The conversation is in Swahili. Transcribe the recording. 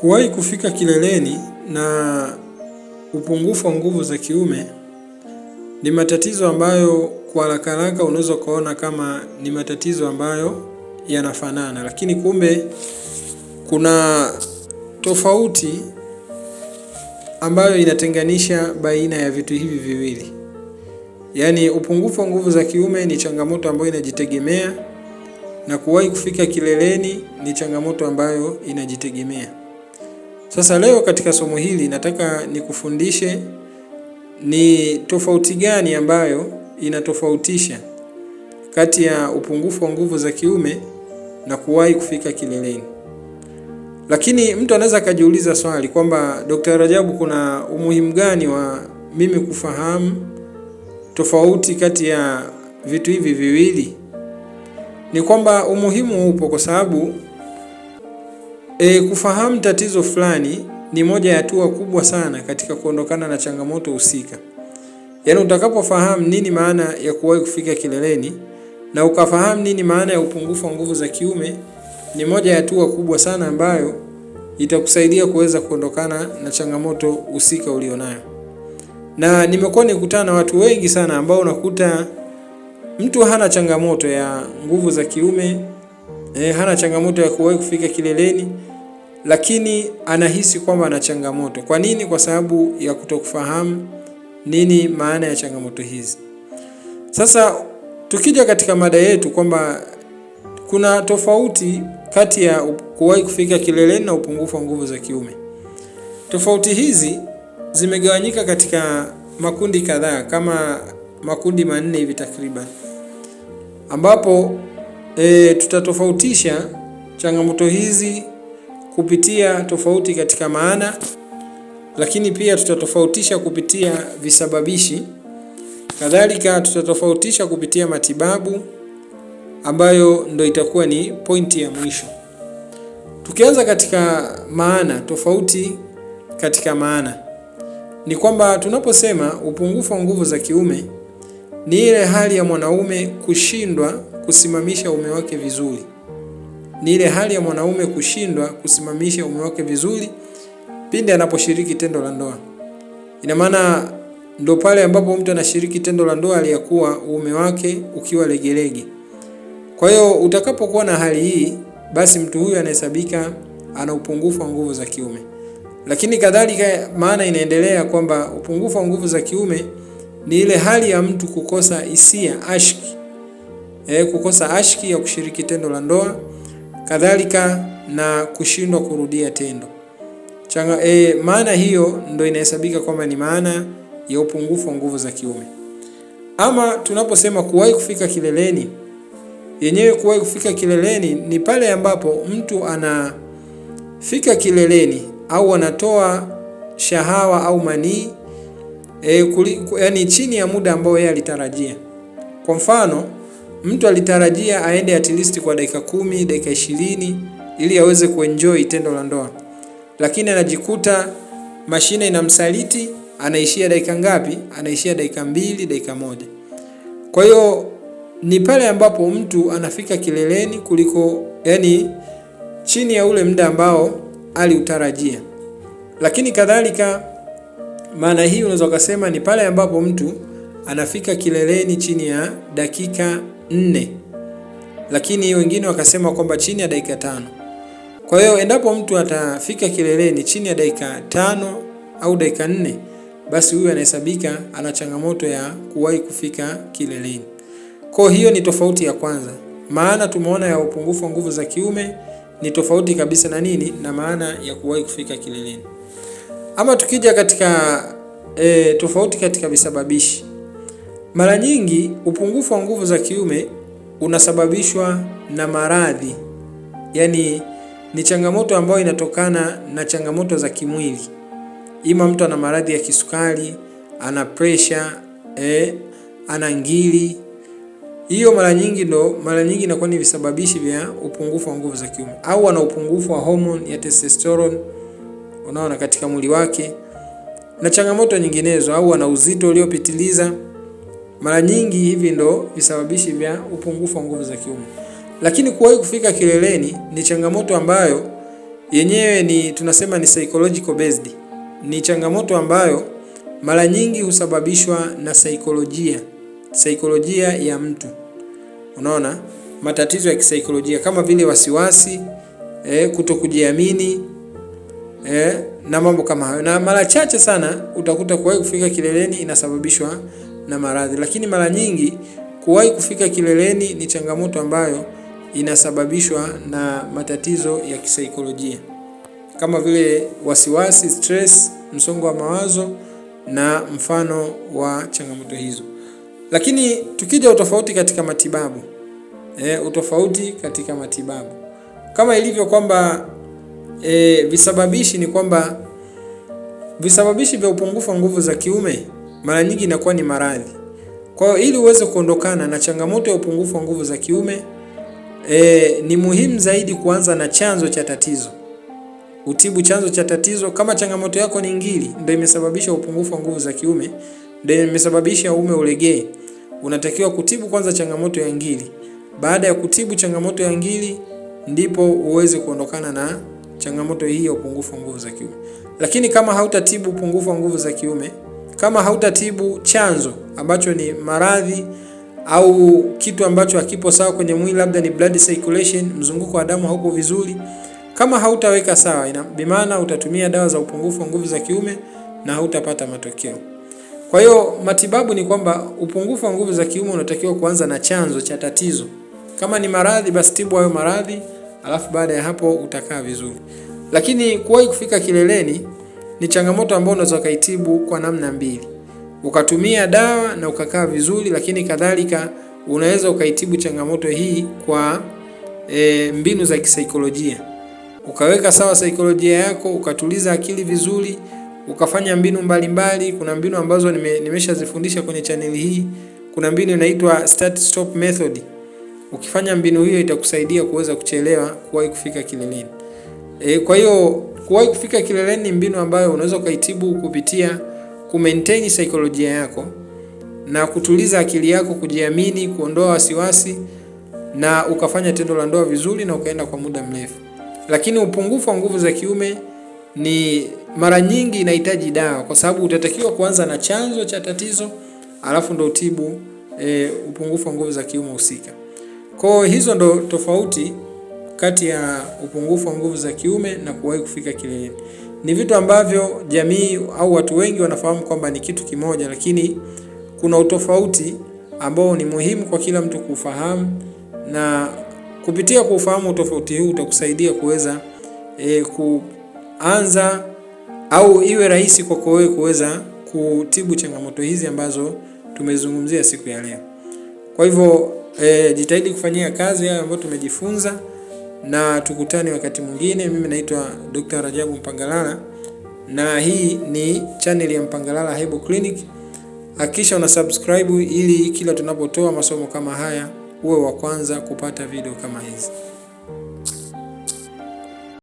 Kuwahi kufika kileleni na upungufu wa nguvu za kiume ni matatizo ambayo kwa haraka haraka unaweza ukaona kama ni matatizo ambayo yanafanana, lakini kumbe kuna tofauti ambayo inatenganisha baina ya vitu hivi viwili. Yaani, upungufu wa nguvu za kiume ni changamoto ambayo inajitegemea na kuwahi kufika kileleni ni changamoto ambayo inajitegemea. Sasa leo katika somo hili nataka nikufundishe ni tofauti gani ambayo inatofautisha kati ya upungufu wa nguvu za kiume na kuwahi kufika kileleni. Lakini mtu anaweza akajiuliza swali kwamba Dr. Rajabu, kuna umuhimu gani wa mimi kufahamu tofauti kati ya vitu hivi viwili? Ni kwamba umuhimu upo kwa sababu E, kufahamu tatizo fulani ni moja ya hatua kubwa sana katika kuondokana na changamoto husika. Yaani, utakapofahamu nini maana ya kuwahi kufika kileleni na ukafahamu nini maana ya upungufu wa nguvu za kiume, ni moja ya hatua kubwa sana ambayo itakusaidia kuweza kuondokana na changamoto husika ulionayo. Na nimekuwa nikutana na watu wengi sana ambao unakuta mtu hana changamoto ya nguvu za kiume, eh, hana changamoto ya kuwahi kufika kileleni lakini anahisi kwamba ana changamoto. Kwa nini? Kwa sababu ya kutokufahamu nini maana ya changamoto hizi. Sasa tukija katika mada yetu kwamba kuna tofauti kati ya kuwahi kufika kileleni na upungufu wa nguvu za kiume. Tofauti hizi zimegawanyika katika makundi kadhaa kama makundi manne hivi takriban, ambapo e, tutatofautisha changamoto hizi kupitia tofauti katika maana, lakini pia tutatofautisha kupitia visababishi. Kadhalika tutatofautisha kupitia matibabu ambayo ndo itakuwa ni pointi ya mwisho. Tukianza katika maana, tofauti katika maana ni kwamba tunaposema upungufu wa nguvu za kiume ni ile hali ya mwanaume kushindwa kusimamisha ume wake vizuri ni ile hali ya mwanaume kushindwa kusimamisha ume wake vizuri pindi anaposhiriki tendo la ndoa. Ina maana ndo pale ambapo mtu anashiriki tendo la ndoa aliyakuwa uume wake ukiwa legelege. Kwa hiyo utakapokuwa na hali hii, basi mtu huyu anahesabika ana upungufu wa nguvu za kiume. Lakini kadhalika, maana inaendelea kwamba upungufu wa nguvu za kiume ni ile hali ya mtu kukosa hisia ashki, e, kukosa ashki ya kushiriki tendo la ndoa kadhalika na kushindwa kurudia tendo changa. E, maana hiyo ndo inahesabika kwamba ni maana ya upungufu wa nguvu za kiume. Ama tunaposema kuwahi kufika kileleni, yenyewe kuwahi kufika kileleni ni pale ambapo mtu anafika kileleni au anatoa shahawa au manii e, yani chini ya muda ambao yeye alitarajia. Kwa mfano Mtu alitarajia aende at least kwa dakika kumi, dakika ishirini ili aweze kuenjoy tendo la ndoa, lakini anajikuta mashine inamsaliti, anaishia dakika ngapi? Anaishia dakika mbili, dakika moja. Kwa hiyo ni pale ambapo mtu anafika kileleni kuliko yani chini ya ule muda ambao aliutarajia. Lakini kadhalika, maana hii unaweza ukasema ni pale ambapo mtu anafika kileleni chini ya dakika nne, lakini wengine wakasema kwamba chini ya dakika tano. Kwa hiyo endapo mtu atafika kileleni chini ya dakika tano au dakika nne, basi huyu anahesabika ana changamoto ya kuwahi kufika kileleni. Kwa hiyo ni tofauti ya kwanza. Maana tumeona ya upungufu wa nguvu za kiume ni tofauti kabisa na nini na maana ya kuwahi kufika kileleni. Ama tukija katika e, tofauti katika visababishi mara nyingi upungufu wa nguvu za kiume unasababishwa na maradhi, yaani ni changamoto ambayo inatokana na changamoto za kimwili, ima mtu ana maradhi ya kisukari, ana presha eh, ana ngili Hiyo mara nyingi ndo mara nyingi inakuwa ni visababishi vya upungufu wa nguvu za kiume, au ana upungufu wa homoni ya testosterone, unaona katika mwili wake na changamoto nyinginezo, au ana uzito uliopitiliza. Mara nyingi hivi ndo visababishi vya upungufu wa nguvu za kiume. Lakini kuwahi kufika kileleni ni changamoto ambayo yenyewe ni tunasema ni psychological based. Ni changamoto ambayo mara nyingi husababishwa na saikolojia, saikolojia ya mtu. Unaona, matatizo ya kisaikolojia kama vile wasiwasi, eh, kutokujiamini eh, na mambo kama hayo, na mara chache sana utakuta kuwahi kufika kileleni inasababishwa na maradhi. Lakini mara nyingi kuwahi kufika kileleni ni changamoto ambayo inasababishwa na matatizo ya kisaikolojia kama vile wasiwasi, stress, msongo wa mawazo na mfano wa changamoto hizo. Lakini tukija utofauti katika matibabu e, utofauti katika matibabu kama ilivyo kwamba e, visababishi ni kwamba visababishi vya upungufu wa nguvu za kiume mara nyingi inakuwa ni maradhi. Kwa hiyo ili uweze kuondokana na changamoto ya upungufu wa nguvu za kiume e, ni muhimu zaidi kuanza na chanzo cha tatizo. Utibu chanzo cha tatizo. Kama changamoto yako ni ngiri, ndio imesababisha upungufu wa nguvu za kiume, ndio imesababisha uume ulegee, unatakiwa kutibu kwanza changamoto ya ngiri. Baada ya kutibu changamoto ya ngiri, ndipo uweze kuondokana na changamoto hii ya upungufu wa nguvu za kiume. Lakini kama hautatibu upungufu wa nguvu za kiume kama hautatibu chanzo ambacho ni maradhi au kitu ambacho hakipo sawa kwenye mwili, labda ni blood circulation, mzunguko wa damu hauko vizuri, kama hautaweka sawa, ina bimaana utatumia dawa za upungufu wa nguvu za kiume na hautapata matokeo. Kwa hiyo matibabu ni kwamba upungufu wa nguvu za kiume unatakiwa kuanza na chanzo cha tatizo. Kama ni maradhi, basi tibu hayo maradhi, alafu baada ya hapo utakaa vizuri. Lakini kuwahi kufika kileleni ni changamoto ambayo unaweza ukaitibu kwa namna mbili, ukatumia dawa na ukakaa vizuri, lakini kadhalika unaweza ukaitibu changamoto hii kwa e, mbinu za kisaikolojia, ukaweka sawa saikolojia yako, ukatuliza akili vizuri, ukafanya mbinu mbalimbali mbali. Kuna mbinu ambazo nime, nimeshazifundisha kwenye chaneli hii. Kuna mbinu inaitwa start stop method. Ukifanya mbinu hiyo itakusaidia kuweza kuchelewa kuwahi kufika kileleni. E, kwa hiyo Kuwahi kufika kileleni ni mbinu ambayo unaweza ukaitibu kupitia kumaintain saikolojia yako na kutuliza akili yako, kujiamini, kuondoa wasiwasi na ukafanya tendo la ndoa vizuri na ukaenda kwa muda mrefu. Lakini upungufu wa nguvu za kiume ni mara nyingi inahitaji dawa, kwa sababu utatakiwa kuanza na chanzo cha tatizo, alafu ndo utibu e, upungufu wa nguvu za kiume husika. Kwa hizo ndo tofauti kati ya upungufu wa nguvu za kiume na kuwahi kufika kileleni. Ni vitu ambavyo jamii au watu wengi wanafahamu kwamba ni kitu kimoja, lakini kuna utofauti ambao ni muhimu kwa kila mtu kuufahamu, na kupitia kuufahamu utofauti huu utakusaidia kuweza e, kuanza au iwe rahisi kwako wewe kuweza kutibu changamoto hizi ambazo tumezungumzia siku ya leo. Kwa hivyo e, jitahidi kufanyia kazi haya ambayo tumejifunza na tukutane wakati mwingine. Mimi naitwa Dr. Rajabu Mpangalala na hii ni chaneli ya Mpangalala Herbal Clinic. Hakikisha una subscribe ili kila tunapotoa masomo kama haya uwe wa kwanza kupata video kama hizi.